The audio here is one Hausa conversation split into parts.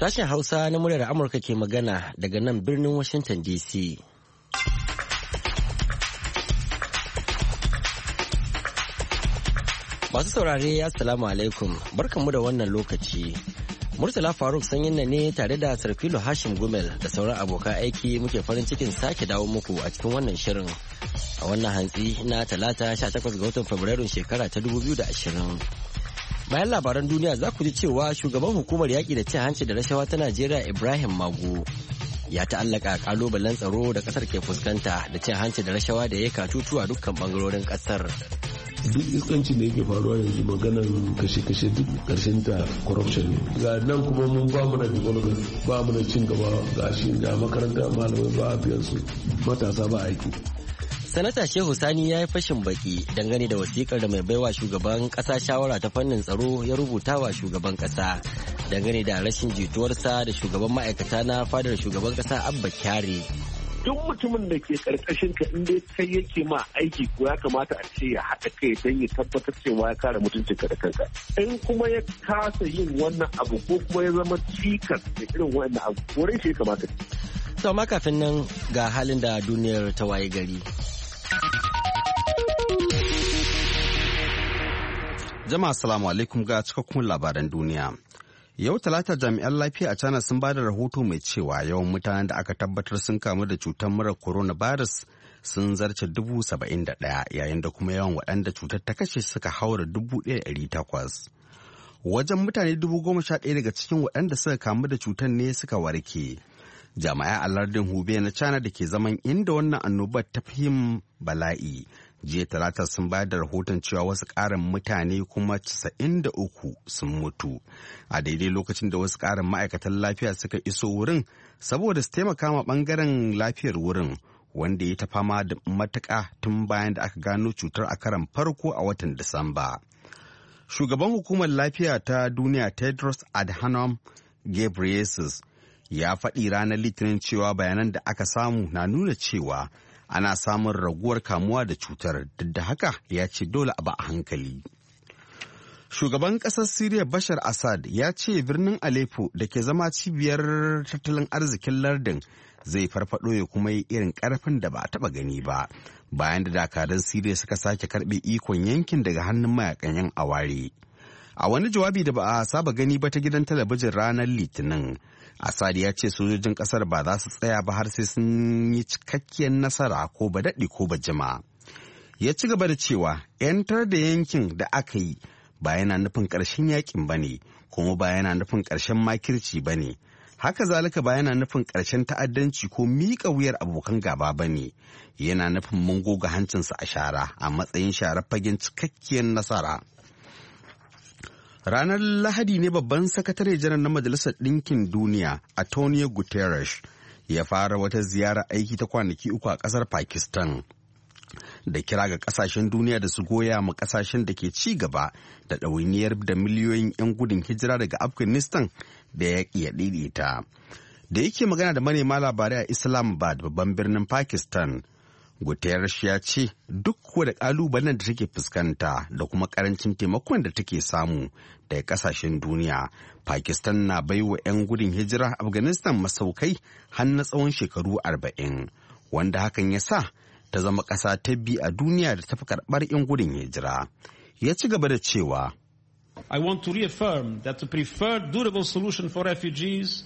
Sashen Hausa na muryar Amurka ke magana daga nan birnin Washington DC. Masu saurare salamu alaikum barkanmu da wannan lokaci. Murtala Faruk sanyin na ne tare da Sarfilo Hashim Gumel da sauran abokan aiki muke farin cikin sake dawo muku a cikin wannan shirin. A wannan hantsi na talata 18 ga watan Fabrairun shekara ta 2020. bayan labaran duniya za ku ji cewa shugaban hukumar yaƙi da cin hanci da rashawa ta najeriya ibrahim mago ya ta'allaka kalubalen tsaro da kasar ke fuskanta da cin hanci da rashawa da ya katutu a dukkan bangarorin kasar duk iskanci da yake faruwa yanzu maganar kashe-kashe duk karshen ta corruption ne ga nan kuma mun ba mu na development ba mu na cin gaba ga shi da makaranta malamai ba a biyan su matasa ba aiki Sanata Shehu Sani ya yi fashin baki dangane da wasikar da mai baiwa shugaban kasa shawara ta fannin tsaro ya rubuta wa shugaban kasa dangane da rashin jituwarsa da shugaban ma'aikata na fadar shugaban kasa Abba Kyare. Duk mutumin da ke karkashin ka inda kai yake ma aiki ko ya kamata a ce ya haɗa kai don ya tabbatar cewa ya kare mutuncin ka da kanka. In kuma ya kasa yin wannan abu ko kuma ya zama cikas da irin wannan abu, wurin shi ya kamata. Sama kafin nan ga halin da duniyar ta waye gari. Jama'a salamu alaikum ga cikakkun labaran duniya. Yau talata jami'an lafiya a China sun bada rahoto mai cewa yawan mutanen da aka tabbatar sun kamu da cutar mura coronavirus sun zarce dubu saba'in da ɗaya yayin da kuma yawan waɗanda cutar ta kashe suka haura dubu ɗaya ɗari takwas. Wajen mutane dubu goma sha ɗaya daga cikin waɗanda suka kamu da cutar ne suka warke jami'ai a lardin hube na china da ke zaman inda wannan annobar ta yin bala'i jiya talata sun bayar da rahoton cewa wasu ƙarin mutane kuma 93 sun mutu a daidai lokacin da wasu ƙarin ma'aikatan lafiya suka iso wurin saboda su taimaka ma ɓangaren lafiyar wurin wanda ya ta fama da matuka tun bayan da aka gano cutar a karan farko a watan disamba shugaban hukumar lafiya ta duniya tedros adhanom ghebreyesus ya faɗi ranar litinin cewa bayanan da aka samu na nuna cewa ana samun raguwar kamuwa da cutar duk da haka ya ce dole a ba a hankali. Shugaban ƙasar Siriya Bashar Assad ya ce birnin Aleppo da ke zama cibiyar tattalin arzikin lardin zai farfado ya kuma yi irin ƙarfin da ba a taɓa gani ba bayan da dakarun Siriya suka sake karɓe ikon yankin daga hannun mayakan yan aware. A wani jawabi da ba a saba gani ba ta gidan talabijin ranar Litinin, Assad ya ce sojojin kasar ba za su tsaya ba har sai sun yi cikakkiyar nasara ko ba daɗi ko ba jima. Ya ci gaba da cewa 'yantar da yankin da aka yi ba yana nufin ƙarshen yakin ba ne, kuma ba yana nufin ƙarshen makirci ba ne. haka zalika ba yana nufin ƙarshen ta'addanci ko miƙa wuyar abokan gaba ba ne yana nufin mun goga hancinsa a shara a matsayin sharar fagen cikakkiyar nasara Ranar Lahadi ne babban sakatare janar na Majalisar Ɗinkin Duniya, Antonio Guterres, ya fara wata ziyara aiki ta kwanaki uku a ƙasar Pakistan. Da kira ga ƙasashen duniya da su goya ma ƙasashen da ke ci gaba da ɗawainiyar da miliyoyin 'yan gudun hijira daga Afghanistan da ƙi ya ɗaiɗaita. Da yake magana da manema labarai a Islamabad babban birnin Pakistan, Guterres ya ce duk da ƙalubalen da take fuskanta da kuma ƙarancin taimakon da take samu daga ƙasashen duniya, Pakistan na baiwa 'yan gudun hijira Afghanistan masaukai har na tsawon shekaru arba'in, wanda hakan ya sa ta zama ƙasa ta bi a duniya da ta fi karɓar 'yan gudun hijira. Ya ci gaba da cewa. I want to reaffirm that the preferred durable solution for refugees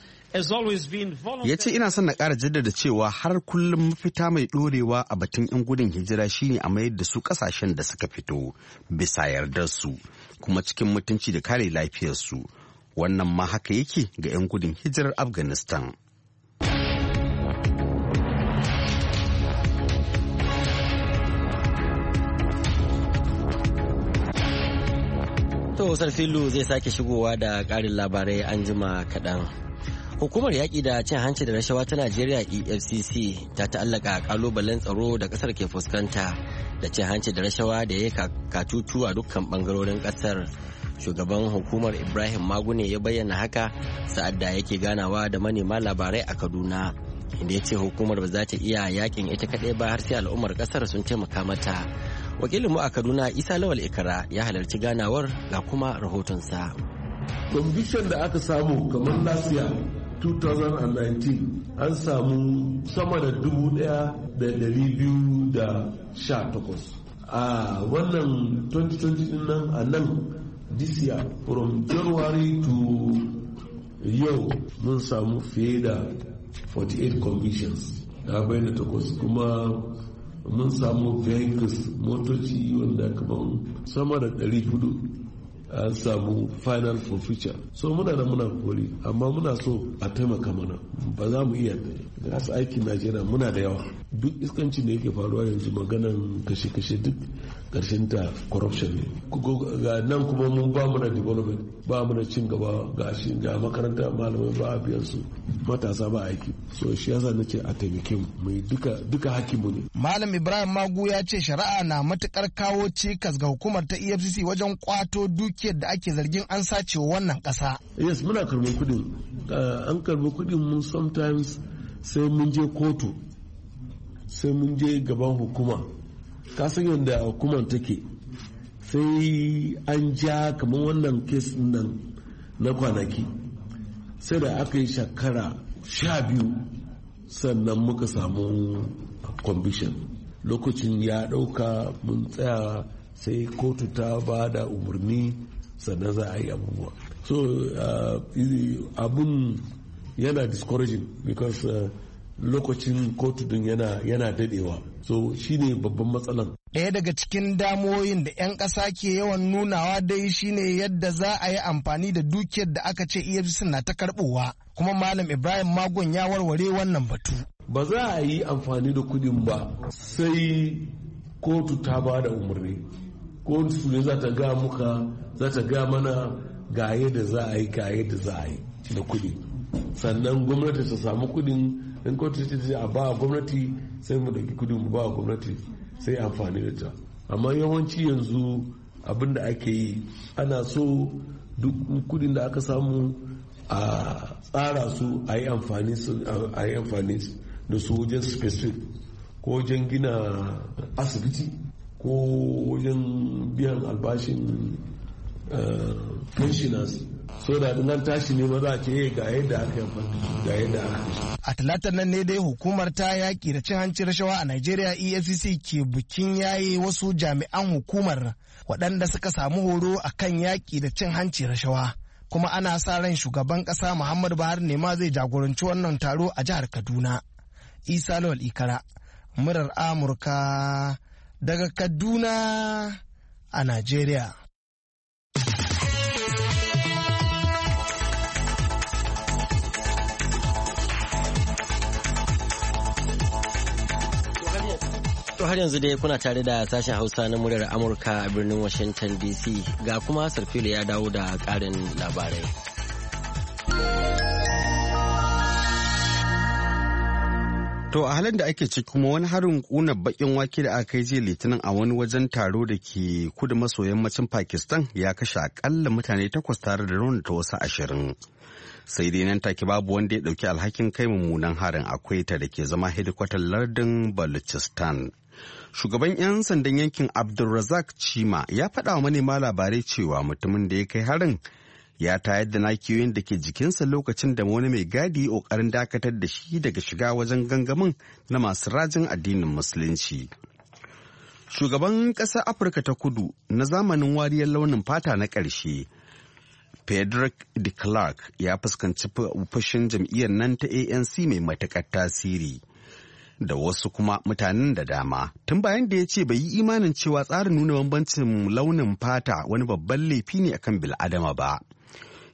ya ce ina son na ƙara jaddada cewa har kullum mafita mai ɗorewa a batun 'yan gudun hijira shine a mayar da su ƙasashen da suka fito bisa yardar su kuma cikin mutunci da kare lafiyarsu wannan ma haka yake ga 'yan gudun hijirar afghanistan To Sarfilu zai sake shigowa da ƙarin labarai an jima kaɗan. Hukumar yaƙi da cin hanci da rashawa ta Najeriya EFCC ta ta'allaka kalubalen tsaro da ƙasar ke fuskanta da cin hanci da rashawa da ya katutu a dukkan bangarorin ƙasar. Shugaban hukumar Ibrahim Magune ya bayyana haka sa'ad da yake ganawa da manema labarai a Kaduna. Inda ya ce hukumar ba za ta iya yakin ita kaɗai ba har sai al'ummar ƙasar sun taimaka mata. Wakilinmu a Kaduna Isa Lawal Ikara ya halarci ganawar ga kuma rahotonsa. Conviction da aka samu kamar lafiya. 2019 an samu sama da 1,218 a wannan 2020 din nan a nan this year from january to yau mun samu fiye da 48 convictions da bayyana takwas kuma mun samu vehicles motoci wanda kamar sama da 400 an samu final for future so muna da muna kori amma muna so a taimaka mana ba za mu iya gasu aikin najeriya muna da yawa duk iskancin da yake faruwa yanzu maganan kashe-kashe duk karshen ta corruption ne ga nan kuma mun ba mu na development ba mu na cin gaba ga shi ga makaranta malamai ba a biyan su matasa ba aiki so shi yasa nace a taimake mu mai duka duka mu ne malam ibrahim magu ya ce shari'a na matukar kawo cikas ga hukumar ta efcc wajen kwato dukiyar da ake zargin an sace wannan kasa yes muna karɓar kuɗin ah, an karɓi kuɗin mu sometimes sai mun je kotu sai mun je gaban hukuma kasan yadda hukumar take sai an ja kamar wannan kes nan na kwanaki sai da aka yi shakara sha biyu sannan muka samu conviction lokacin ya ɗauka mun tsaya sai kotu ta ba da umarni sannan za a yi abubuwa so eh, abun yana discouraging because eh, lokacin kotu din yana yana dadewa so shine babban matsalan ɗaya daga cikin damoyin da 'yan ƙasa ke yawan nunawa dai shine yadda za a yi amfani da dukiyar da aka ce EFCC na ta karɓowa kuma Malam Ibrahim Magon ya warware wannan batu. Ba za a yi amfani da kudin ba sai kotu ta ba da umarni. Kotu ne za ta ga muka za ta ga mana ga yadda za a yi ga yadda za a yi da kudi. Sannan gwamnati ta samu kudin in kotu ce ce a ba gwamnati sai mu dauki kudin mu ba gwamnati sai amfani da ta amma yawanci yanzu abin da ake yi ana so duk kudin da aka samu a tsara su a yi amfani da su wajen specific ko wajen gina asibiti ko wajen biyan albashin eh, pensioners so da nan tashi ne ba za a ce eh, ga yadda aka yi ga yadda a talatar nan ne dai hukumar ta yaƙi da cin hanci rashawa a Najeriya EFCC ke bikin yaye wasu jami'an hukumar waɗanda suka samu horo akan yaƙi da cin hanci rashawa kuma ana sa ran shugaban ƙasa Muhammadu Buhari ne ma zai jagoranci wannan taro a jihar Kaduna Isa Lawal Ikara murar Amurka daga Kaduna a Najeriya To har yanzu dai kuna tare da sashen Hausa na muryar Amurka a birnin Washington DC ga kuma Sarfilo ya dawo da karin labarai. To a halin da ake ciki kuma wani harin kuna bakin wake da aka yi jiya litinin a wani wajen taro da ke kudu maso yammacin Pakistan ya kashe akalla mutane takwas tare da raunata wasu ashirin. sai dai nan take babu wanda ya ɗauki alhakin kai mummunan harin akwai ta da ke zama hedikwatar lardin Balochistan. shugaban 'yan sandan yankin abdulrazak chima ya faɗa wa manema labarai cewa mutumin da ya kai harin ya tayar da nakiyoyin da ke jikinsa lokacin da wani mai gadi ƙoƙarin dakatar da shi daga shiga wajen gangamin na masu rajin addinin musulunci shugaban ƙasar afirka ta kudu na zamanin wariyar launin fata na ƙarshe Frederick de clark ya fuskanci fushin jam'iyyar nan ta ANC mai matuƙar tasiri. da wasu kuma mutanen da dama tun bayan da ya ce bai yi imanin cewa tsarin nuna bambancin launin fata wani babban laifi ne akan bil'adama ba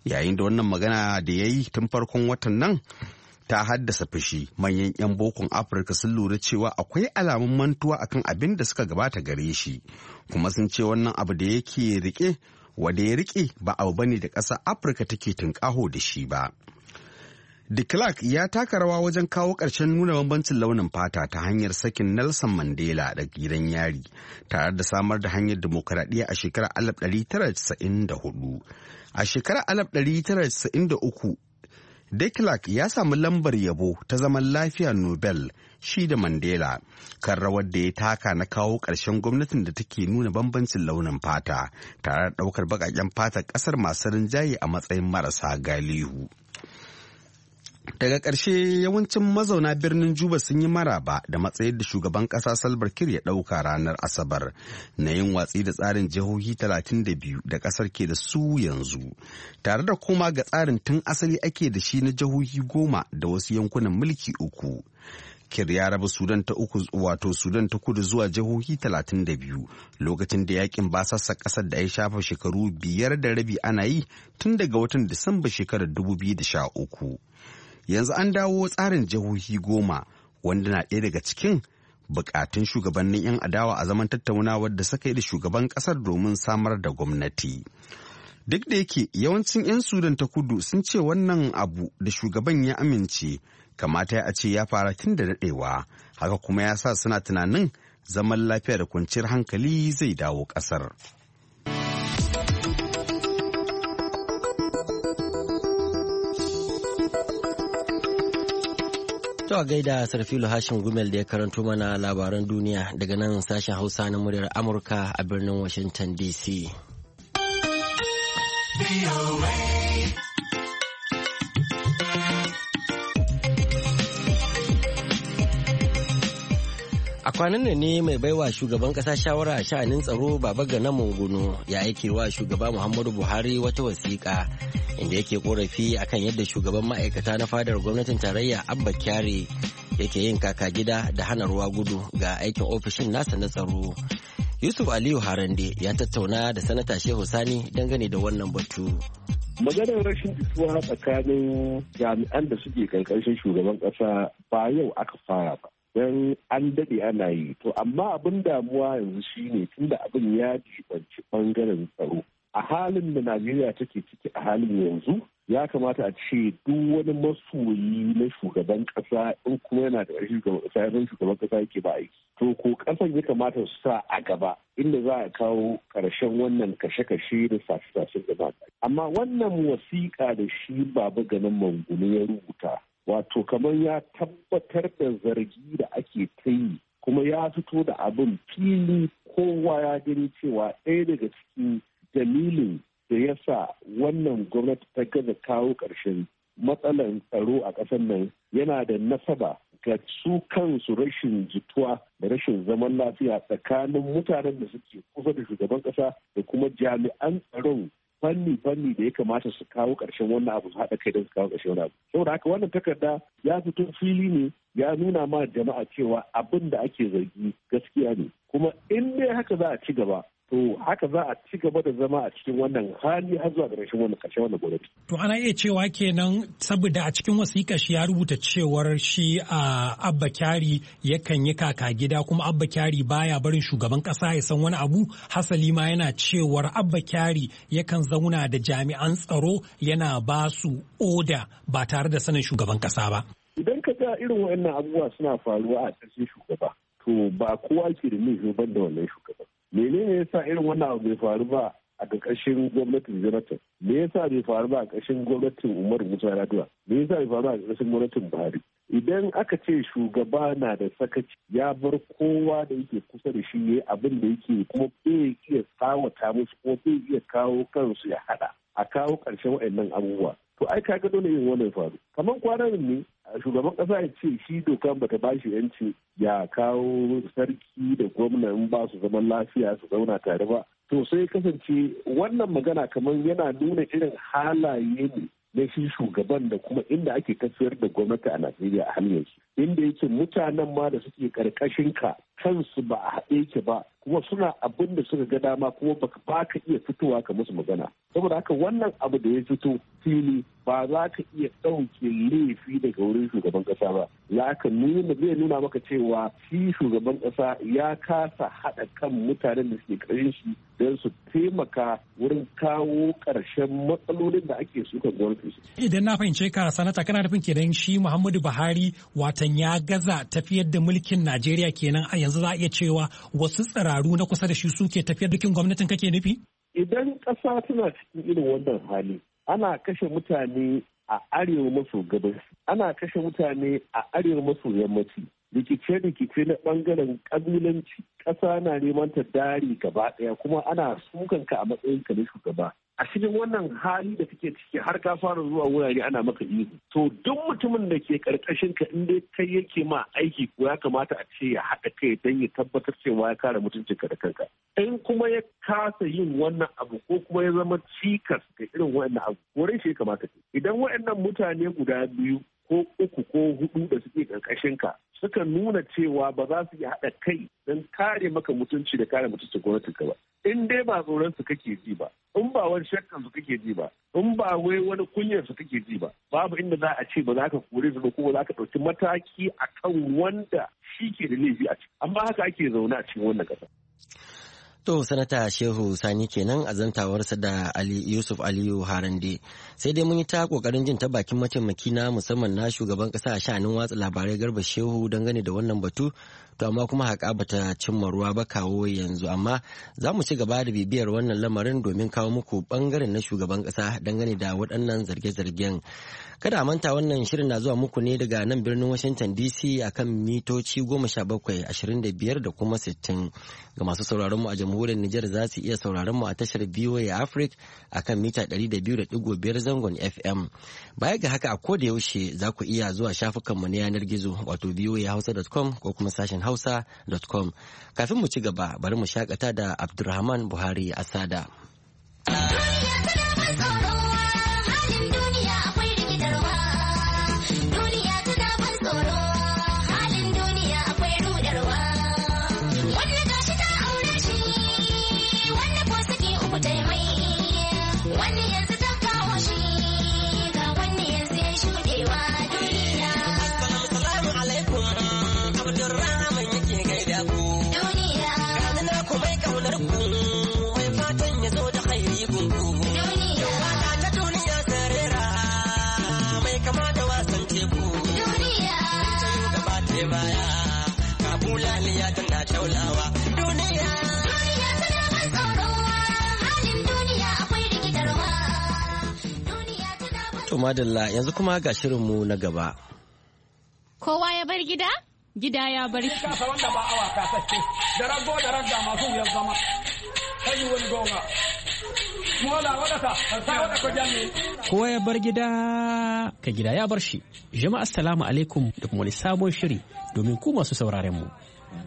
yayin da wannan magana da ya yi tun farkon watan nan ta haddasa fushi manyan 'yan bokon afirka sun lura cewa akwai alamun mantuwa akan abin da suka gabata gare shi kuma sun ce wannan abu da yake rike wanda ya rike ba abu bane da ƙasa afirka take tunƙaho da shi ba. De Klerk ya taka rawa wajen kawo ƙarshen nuna bambancin launin fata ta hanyar sakin Nelson Mandela da gidan yari tare da samar da hanyar demokaradiyya a shekarar 1994. A shekarar 1993, De Klerk ya samu lambar yabo ta zaman lafiya Nobel shi da Mandela kan rawar da ya taka na kawo ƙarshen gwamnatin da take nuna bambancin launin fata tare da ɗaukar baƙaƙen fatar ƙasar masu rinjaye a matsayin marasa galihu. daga ƙarshe yawancin mazauna birnin juba sun yi maraba da matsayin da shugaban ƙasa salbar kir ya ɗauka ranar asabar na yin watsi da tsarin jihohi 32 da ƙasar ke da su yanzu tare da koma ga tsarin tun asali ake da shi na jihohi goma da wasu yankunan mulki uku kir ya raba sudan ta uku wato sudan ta kudu zuwa jihohi 32 lokacin da yakin sassa ƙasar da ya shafa shekaru biyar da rabi ana yi tun daga watan disamba shekarar 2013 yanzu an dawo tsarin jihohi goma wanda na ɗaya daga cikin bukatun shugabannin 'yan adawa a zaman tattaunawar da suka yi da shugaban ƙasar domin samar da gwamnati duk da yake yawancin 'yan sudan ta kudu sun ce wannan abu da shugaban ya amince kamata ya ce ya fara tun da daɗewa haka kuma ya sa suna tunanin zaman lafiya da kwanciyar hankali zai dawo ƙasar. To a gaida Sarfilu Hashim Gumel da ya karanto mana labaran duniya daga nan sashen Hausa na muryar Amurka a birnin Washington DC. A kwanan ne mai baiwa shugaban kasa shawara a sha'anin tsaro baba na mungunu ya aike wa shugaba Muhammadu Buhari wata wasiƙa inda yake korafi akan yadda shugaban ma'aikata na fadar gwamnatin tarayya Abba Kyari yake yin kaka gida da hana ruwa gudu ga aikin ofishin nasa na tsaro. Yusuf Aliyu Harande ya tattauna da sanata Shehu Sani dangane da wannan batu. maganar rashin isuwa tsakanin jami'an da suke ƙanƙashin shugaban kasa ba yau aka fara ba don an daɗe ana yi to amma abin damuwa yanzu shine tunda abin ya jibanci ɓangaren tsaro a halin da najeriya take ciki a halin yanzu ya kamata a ce duk wani masoyi na shugaban kasa in kuma yana da ƙarshen shugaban kasa yake ba aiki to ko kasan ya kamata su sa a gaba inda za a kawo ƙarshen wannan kashe-kashe da sace-sace da amma wannan wasiƙa da shi babu ganin mangunu ya rubuta wato kamar ya tabbatar da zargi da ake ta yi kuma ya fito da abin fili kowa ya gani cewa ɗaya daga cikin dalilin da ya sa wannan gwamnati ta gaza kawo ƙarshen matsalan tsaro a ƙasar nan yana da nasaba ga su kansu rashin jituwa da rashin zaman lafiya tsakanin mutanen da suke kusa da shugaban ƙasa da kuma jami'an tsaron fanni-fanni da ya kamata su kawo ƙarshen wannan abu haɗa kai don su kawo ƙarshen wannan abu saboda haka wannan takarda ya fito fili ne ya nuna ma jama'a cewa abin da ake zargi gaskiya ne kuma in dai haka za a ci gaba to haka za a ci gaba da zama a cikin wannan hali har zuwa ƙarshen wannan ƙarshen wannan gwamnati. To ana iya cewa kenan saboda a cikin wasiƙa shi ya rubuta cewar shi a Abba Kyari yakan yi kaka gida kuma Abba Kyari baya barin shugaban ƙasa ya san wani abu hasali ma yana cewar Abba Kyari yakan zauna da jami'an tsaro yana ba su oda ba tare da sanin shugaban ƙasa ba. Idan ka ga irin waɗannan abubuwa suna faruwa a ƙarshen shugaba to ba kowa ke da mai ban da wannan shugaban. menene yasa irin wannan abu bai faru ba a ƙarƙashin gwamnatin jonathan me yasa bai faru ba a ƙarƙashin gwamnatin umaru musa raduwa me yasa bai faru ba a ƙarƙashin gwamnatin buhari idan aka ce shugaba na da sakaci ya bar kowa da yake kusa da shi ne abin da yake kuma bai iya tsawata musu ko bai iya kawo kansu ya hada a kawo ƙarshen waɗannan abubuwa to ai ka kaga dole yin wannan faru kamar kwanan ne shugaban kasa ya ce shi dokan bata ba shi yanci ya kawo sarki da gwamnan ba su zaman lafiya su zauna tare ba to sai kasance wannan magana kamar yana nuna irin halaye ne na shi shugaban da kuma inda ake tafiyar da gwamnati a najeriya a hanyar shi inda yake mutanen ma da suke karkashin ka kansu ba a haɗe ki ba kuma suna abin da suka ga dama kuma baka ba ka iya fitowa ka musu magana saboda haka wannan abu da ya fito fili ba za ka iya ɗauke laifi daga wurin shugaban ƙasa ba za ka nuna zai nuna maka cewa shi shugaban ƙasa ya kasa haɗa kan mutanen da suke ƙarshen shi don su taimaka wurin kawo ƙarshen matsalolin da ake sukan gwamnati. idan na fahimce ka sanata kana nufin kenan shi muhammadu buhari watan wannan ya gaza tafiyar da mulkin Najeriya kenan a yanzu za a iya cewa wasu tsiraru na kusa da shi suke tafiyar dukin gwamnatin kake nufi? Idan ƙasa tana cikin irin wannan hali, ana kashe mutane a arewa maso gabas, ana kashe mutane a arewa maso yammaci, rikice-rikice na bangaren ƙabilanci ƙasa na neman ta dari gaba ɗaya kuma ana sukan ka a matsayin ka na shugaba a cikin wannan hali da kake ciki har ka fara zuwa wurare ana maka ihu to duk mutumin da ke karkashin ka in dai kai yake ma aiki ko ya kamata a ce ya haɗa kai don ya tabbatar cewa ya kare mutuncin ka da kanka in kuma ya kasa yin wannan abu ko kuma ya zama cikas ga irin wannan abu wurin shi ya kamata idan waɗannan mutane guda biyu ko uku ko hudu da suke ƙarƙashin ka suka nuna cewa ba za su iya haɗa kai don kare maka mutunci da kare mutuncin gwamnatin ka ba in dai ba tsoron su kake ji ba in ba wani shakkan su kake ji ba in ba wai wani kunyar su kake ji ba babu inda za a ce ba za ka kore su ba ko za ka ɗauki mataki akan wanda shi ke da laifi a ciki amma haka ake zaune a cikin wannan ƙasa. To sanata Shehu Sani kenan a zantawarsa da Ali Yusuf Aliyu Harande. Sai dai mun yi ta kokarin jin ta bakin mataimaki na musamman na shugaban ƙasa a sha'anin watsa labarai Garba Shehu dangane da wannan batu to amma kuma haƙa bata cimma ruwa ba kawo yanzu amma za mu ci gaba da bibiyar wannan lamarin domin kawo muku bangaren na shugaban kasa dangane da waɗannan zarge-zargen kada a manta wannan shirin na zuwa muku ne daga nan birnin washington dc akan mitoci goma sha bakwai ashirin da biyar da kuma sittin ga masu sauraron mu a jamhuriyar nijar za su iya sauraron mu a tashar voa africa akan mita ɗari da biyu da ɗigo biyar zangon fm baya ga haka a koda yaushe za ku iya zuwa shafukanmu na yanar gizo wato hausa.com ko kuma sashen hausa.com. Kafin mu ci gaba bari mu shakata da Abdulrahman Buhari Asada. madalla yanzu kuma ga shirinmu na gaba. Kowa ya bar gida? Gida ya bar shi. Kasa wanda ba awa kasashe, da rago da ragga masu wuyar zama, kai wani goma. Mola ta, ta jami. Kowa ya bar gida ka gida ya bar shi. Jama'a assalamu alaikum da kuma wani sabon shiri domin ku masu sauraren mu.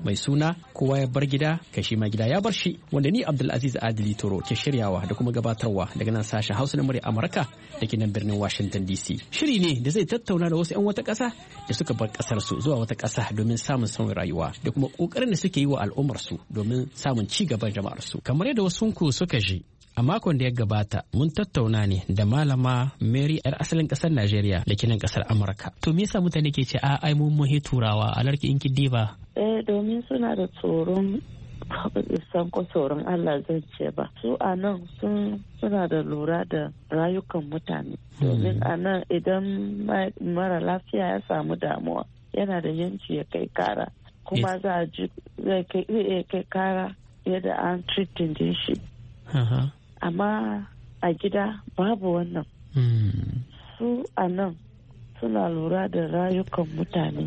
mai suna kowa ya bar gida kashi ma gida ya bar shi wanda ni Abdulaziz Adili Toro ke shiryawa da kuma gabatarwa daga nan sashen Hausa na murya Amurka da ke nan birnin Washington DC. Shiri ne da zai tattauna da wasu 'yan wata ƙasa da suka bar ƙasar su zuwa wata ƙasa domin samun sauyin rayuwa da kuma ƙoƙarin da suke yi wa al'ummar su domin samun ci gaban jama'ar su. Kamar yadda wasu ku suka ji A makon da ya gabata mun tattauna ne da malama Mary yar asalin kasar Najeriya da kinan kasar Amurka. To me yasa mutane ke ce a ai mun mu turawa a larki in ba? Eh domin suna da tsoron san ko tsoron Allah zan ce ba. Su a nan sun suna da lura da rayukan mutane. Hmm. Domin a nan idan mara lafiya ya samu damuwa yana da yanci ya kai kara. Kuma za a ji zai kai kara yadda an treating shi. amma a gida babu wannan su a nan suna lura da rayukan mutane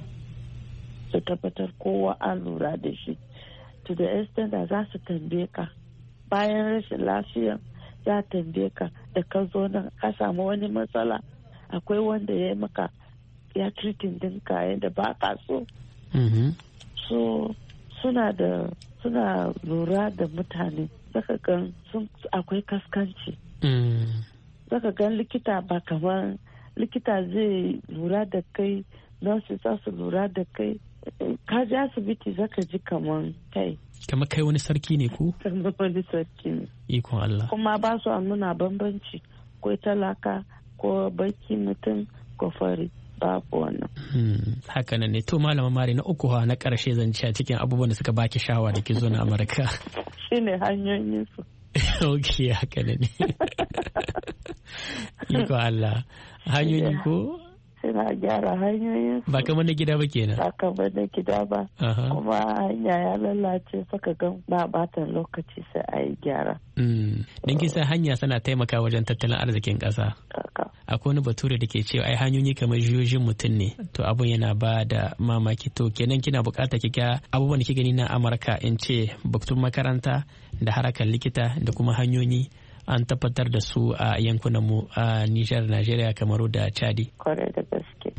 su tabbatar kowa an lura da shi to the extent da za su tambaye ka bayan rashin lafiya za tambaye ka da ka zo nan ka samu wani matsala akwai wanda ya yi maka ya tritin dinka yadda ba ka so mm-hmm. so suna da suna lura da mutane zaka gan sun akwai kaskanci zaka mm. gan likita ba kamar likita zai lura da kai nurses za su lura da kai ka ji asibiti zaka ji kamar kai kamar kai wani sarki ne ko kamar wani sarki ne ikon Allah kuma ba su nuna bambanci ko talaka ko baki mutum ko fari babu wannan. Hmm, Hakanan ne to malama mari na uku na karshe zan ci a cikin abubuwan da suka baki shawa da ke zo na Amurka. Shine hanyoyin su. ok haka ne. Iko Allah. Hanyoyi ko? Suna gyara hanyoyin su. Ba kamar na gida ba kenan. Ba kamar na gida ba. Kuma hanya ya lalace saka gan ba batan lokaci sai a yi gyara. Hmm. Don kisa hanya suna taimaka wajen tattalin arzikin ƙasa. Ah, akwai wani bature da ke cewa ai hanyoyi kamar jiyoyin mutum ne to abun yana ba da mamaki to kenan kina bukata kika abubuwan da ki gani na amurka in ce batun makaranta da harakan likita da kuma hanyoyi an tabbatar da su a yankunan mu a Nijar, Najeriya, kamar da Chadi. Kwarai da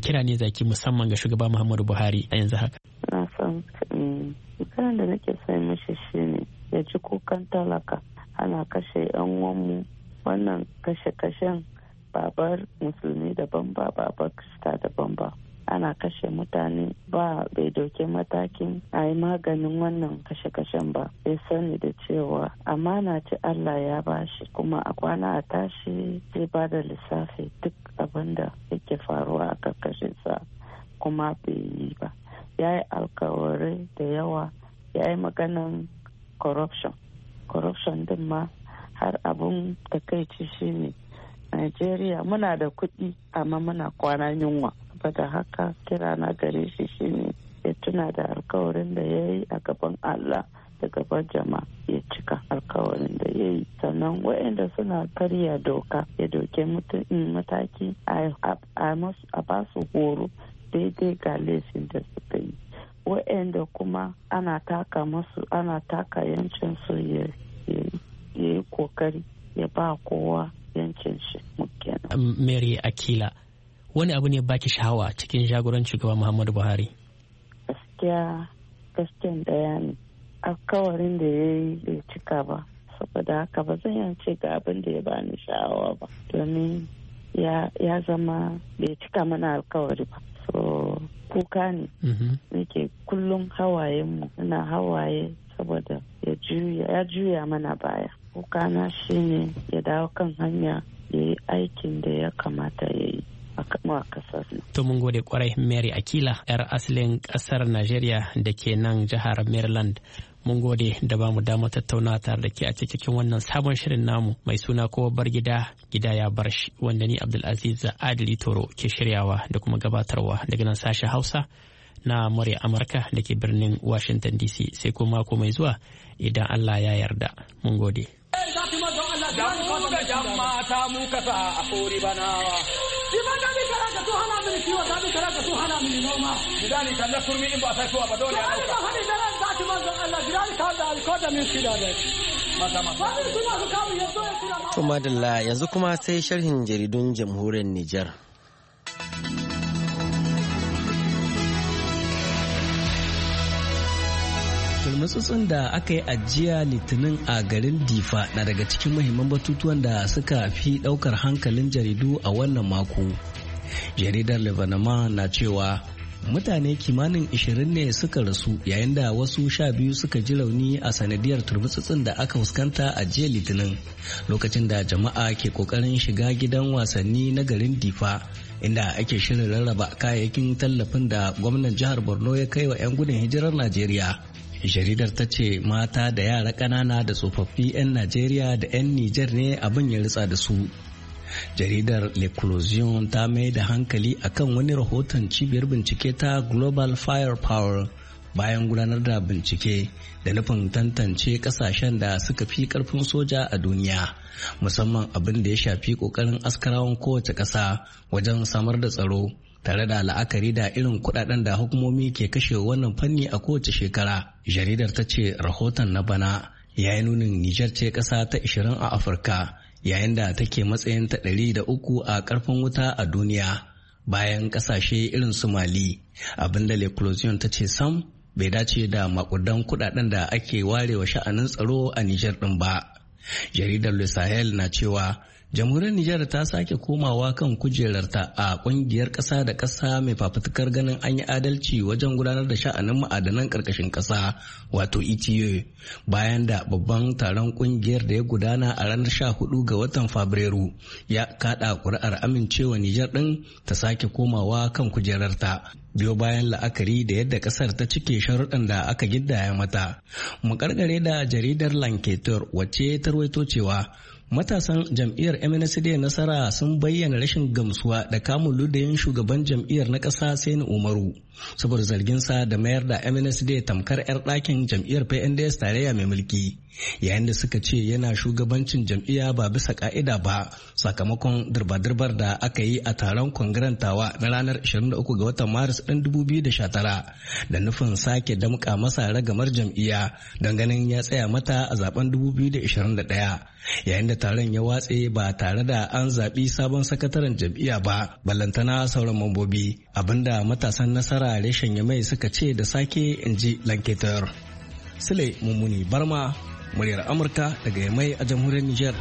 Kira ne zaki musamman ga shugaba Muhammadu Buhari a yanzu haka. Na san mm, da nake sai mishi ne ya ci kukan talaka ana kashe yan uwanmu wannan kashe-kashen babar musulmi daban ba babar krista daban ba ana kashe mutane ba bai dauke matakin a yi maganin wannan kashe-kashen ba bai sani da cewa amana ce allah ya bashi kuma a kwana a tashi zai ba da lissafi duk abinda yake faruwa a sa kuma bai yi ba ya yi alkawarai da yawa ya yi maganin corruption corruption din ma har abun takaici shine nigeria muna da kuɗi amma muna kwana yunwa. da haka kira na gare shi shine ya tuna da alkawarin da ya yi a gaban Allah da gaban jama'a ya cika alkawarin da ya yi. Sannan waɗanda suna karya doka ya doke mutum mm, mataki a ba su horo daidai ga laifin da suka yi. Waɗanda kuma ana taka masu ana taka yancin su ya yi kokari ya ba kowa yankin shi um, Mary Akila wani abu ne baki sha'awa cikin jagorancin shugaba Muhammadu Buhari gaskiya gaskiyan daya ne alkawarin da ya yi bai cika ba saboda haka ba zan yance ga abin da ya bani sha'awa ba domin ya zama bai cika mana alkawari ba so kuka ne mm-hmm. nake kullum mu na hawaye saboda ya juya mana baya kuka na shine dawo kan hanya ya yi aikin da ya kamata ya yi a kasar To mun gode kwarai Mary Akila 'yar asalin kasar Najeriya da ke nan jihar Maryland. mun gode da ba mu damar tattauna tare da ke a cikin wannan sabon shirin namu mai suna ko bar gida gida ya bar shi wanda ni abdulaziz adili toro ke shiryawa da kuma gabatarwa daga nan sashen hausa na murya amurka da ke birnin washington dc sai kuma mako mai zuwa idan allah ya yarda mun gode samu kasa a kori bana. shi Ima ta bi kara ka tuhana hana mini kiwo bi kara ka tuhana noma gidani ta na kurmi in ba sai kowa ba dole ya dauka ba hadi daren ta ci manzon Allah gidani ka da alkoda min shi da ne mata mata yanzu kuma sai sharhin jaridun jamhuriyar Nijar. Matsatsin da aka yi ajiya litinin a garin Difa na daga cikin mahimman batutuwan da suka fi daukar hankalin jaridu a wannan mako. Jaridar Lebanama na cewa mutane kimanin 20 ne suka rasu yayin da wasu sha biyu suka ji rauni a sanadiyar turbutsutsun da aka fuskanta a jiya litinin lokacin da jama'a ke kokarin shiga gidan wasanni na garin difa inda ake shirin rarraba kayayyakin tallafin da gwamnan jihar borno ya kai wa 'yan gudun hijirar najeriya jaridar ta ce mata da yara ƙanana da tsofaffi 'yan najeriya da 'yan nijar ne abin ya ritsa da su jaridar l'eclosion ta mai da hankali akan wani rahoton cibiyar bincike ta global firepower bayan gudanar da bincike da nufin tantance kasashen da suka fi karfin soja a duniya musamman abin da ya shafi kokarin askarawan kowace ƙasa wajen samar da tsaro tare da la'akari da irin kudaden da hukumomi ke kashe wannan fanni a kowace shekara jaridar ta ce rahoton na bana ya yi nunin nijar ce ƙasa ta 20 a afirka yayin da take matsayin ta uku a karfin wuta a duniya bayan kasashe irin su mali abinda le ta ce sam bai dace da makudan kudaden da ake warewa sha'anin tsaro a Nijar din ba. Jaridar Lusahel na cewa jamhuriyar nijar ta sake komawa kan kujerarta a kungiyar ƙasa da ƙasa mai fafutukar ganin an yi adalci wajen gudanar da sha'anin ma'adanan ƙarƙashin ƙasa wato eto bayan da babban taron kungiyar da ya gudana a ranar 14 ga watan fabrairu ya kaɗa ƙuri'ar amincewa nijar ɗin ta sake komawa kan kujerarta biyo bayan la'akari da yadda ƙasar ta cike sharuɗan da aka giddaya mata mu da jaridar lanketor wacce ta cewa matasan jam'iyyar MNSD nasara sun bayyana rashin gamsuwa da kamun ludayin shugaban jam'iyyar na ƙasa Sani Umaru saboda zargin sa da mayar da MNSD tamkar 'yar ɗakin jam'iyyar PNDS tarayya mai mulki yayin da suka ce yana shugabancin jam'iyya ba bisa ka'ida ba sakamakon dirba-dirbar da aka yi a taron kwangirantawa na ranar 23 ga watan Maris ɗin 2019 da nufin sake damƙa masa ragamar jam'iyya don ganin ya tsaya mata a zaben 2021 yayin da taron ya watse ba tare da an zaɓi sabon sakataren jam'iyya ba ballantana sauran mambobi abinda matasan nasara da reshen yamai suka ce da sake in ji lanketar sule mummuni barma muryar amurka daga yamai a jamhuriyar niger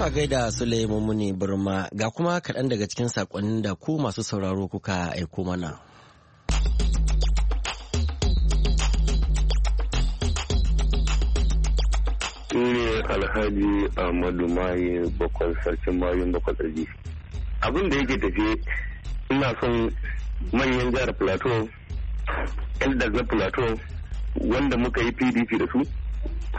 Ka gaida Sule Mummuni Burma ga kuma kaɗan daga cikin saƙonin da ku masu sauraro kuka aiko mana. ne alhaji ahmadu maye bakwai sarkin mayun bakwai tsarki abin da yake tafiye ina son manyan jihar plateau elders na plateau wanda muka yi pdp da su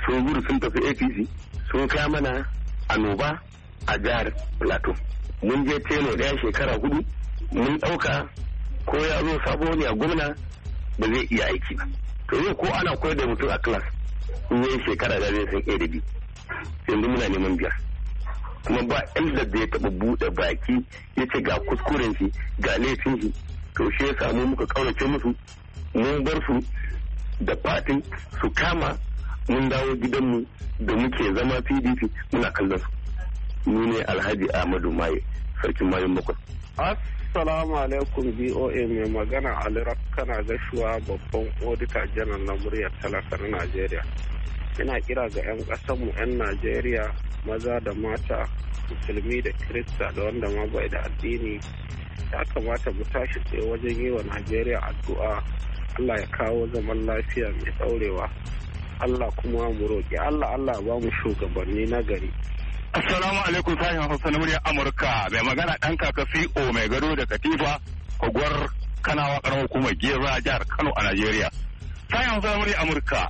sun gudu sun tafi apc sun kai mana annoba a jihar plateau mun je teno daya shekara hudu mun ɗauka ko ya zo sabo ne a gwamna ba zai iya aiki ba to yau ko ana koyar da mutum a class in yi shekara da zai san a da b yanzu muna neman biyar kuma ba inda da ya taɓa buɗe baki ya ce ga kuskuren shi ga laifin shi to shi ya samu muka kaurace musu mun bar su da fatin su kama mun dawo gidanmu da muke zama pdp muna kallon su ni ne alhaji ahmadu maye sarkin mayun bakwai Assalamu alaikum VOA mai magana Ali Rakkana gashuwa babban odita janar na muryar talaka na Najeriya. ina kira ga 'yan ƙasarmu 'yan najeriya maza da mata musulmi da kirista da wanda ma bai da addini ya kamata mu tashi tsaye wajen yi wa najeriya addu'a allah ya kawo zaman lafiya mai ɗaurewa allah kuma mu roƙi allah allah ba mu shugabanni na gari assalamu alaikum hausa na murya amurka mai magana ɗan kaka e o mai gado da katifa kogwar kanawa ƙaramar hukumar gera jihar kano a najeriya ya hausa na murya amurka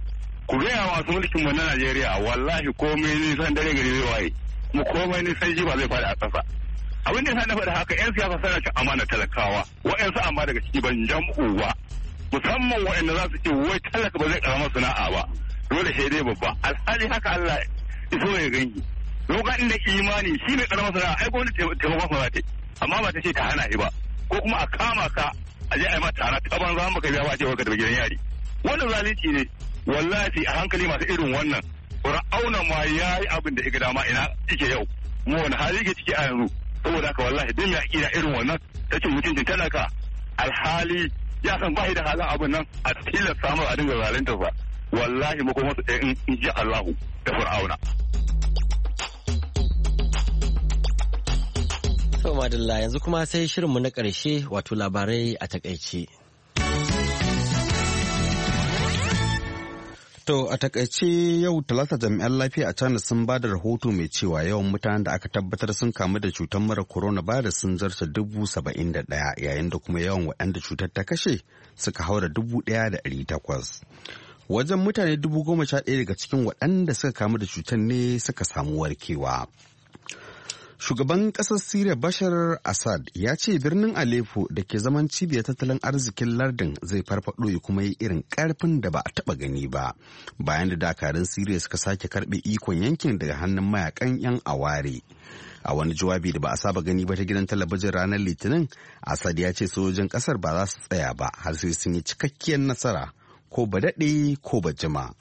ku gaya masu mulkin mu na Najeriya wallahi komai nisan dare gari zai waye mu komai nisan ji ba zai fara a ƙasa abin da na da haka 'yan siyasa suna cin amana talakawa wa'yansu amma daga ciki ban jam'u ba musamman wa'yanda za su ce wai talaka ba zai karama sana'a ba dole sai dai babba alhali haka Allah iso ya gani lokacin da imani shi ne karama sana'a ai gwamnati taimakon sa ta amma ba ta ce ta hana shi ba ko kuma a kama ka a je a yi mata ana ta banza maka biya ba a ce ka da gidan yari wannan zalunci ne wallahi a hankali masu irin wannan fir'auna ma ya yi abin da dama ina ike yau mu wani hali ke ciki a yanzu saboda haka wallahi duk mai aƙida irin wannan take mutuncin talaka alhali ya san ba da halin abin nan a tilar samun a dinga zalunta fa wallahi mu kuma in ji Allahu da fir'auna To madalla yanzu kuma sai shirinmu na ƙarshe wato labarai a takaice. To a takaice yau talata jami'an lafiya a China sun ba da rahoto mai cewa yawan mutanen da aka tabbatar sun kamu da cutar mara coronavirus sun zarta dubu saba'in da ɗaya yayin da kuma yawan waɗanda cutar ta kashe suka haura dubu ɗaya da ɗari takwas. Wajen mutane dubu goma sha ɗaya daga cikin waɗanda suka kamu da cutar ne suka samu warkewa. Shugaban ƙasar Siriya Bashar Assad ya ce birnin Aleppo da ke zaman cibiyar tattalin arzikin lardin zai farfaɗo ya kuma yi irin ƙarfin da ba a taɓa gani ba, bayan da dakarun Siriya suka sake karɓe ikon yankin daga hannun mayakan 'yan aware. A wani jawabi da ba a saba gani ba ta gidan talabijin ranar Litinin, Assad ya ce sojojin ƙasar ba za su tsaya ba har sai sun yi cikakkiyar nasara ko ba daɗe ko ba jima.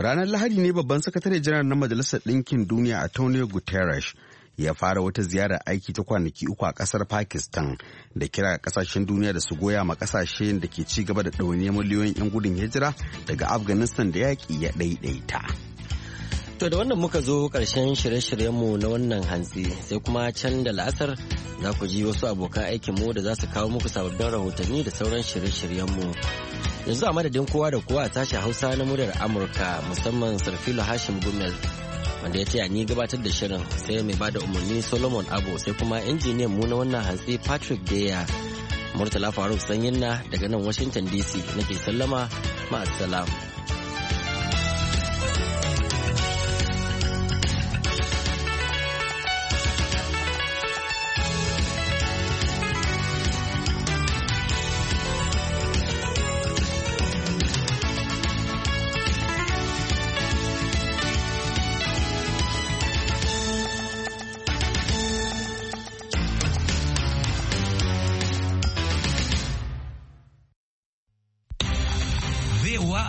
Ranar Lahadi ne babban sakatare janar na Majalisar Ɗinkin Duniya a Antonio Guterres ya fara wata ziyara aiki ta kwanaki uku a ƙasar Pakistan da kira ƙasashen duniya da su goya ma ƙasashe da ke ci gaba da ɗauniyar miliyoyin 'yan gudun hijira daga Afghanistan da yaƙi ya ɗaiɗaita. To da wannan muka zo ƙarshen shirye-shiryenmu na wannan hantsi sai kuma can da la'asar za ku ji wasu abokan aikinmu da za su kawo muku sababbin rahotanni da sauran shirye-shiryenmu. yanzu a madadin kowa da kowa a tashi hausa na muryar amurka musamman sarfilo hashim gumel wanda ya taya ni gabatar da shirin sai mai ba da umarni solomon abu sai kuma injiniyan mu na wannan hantsi patrick deya murtala faruk sanyin na daga nan washington dc nake sallama ma'asalam.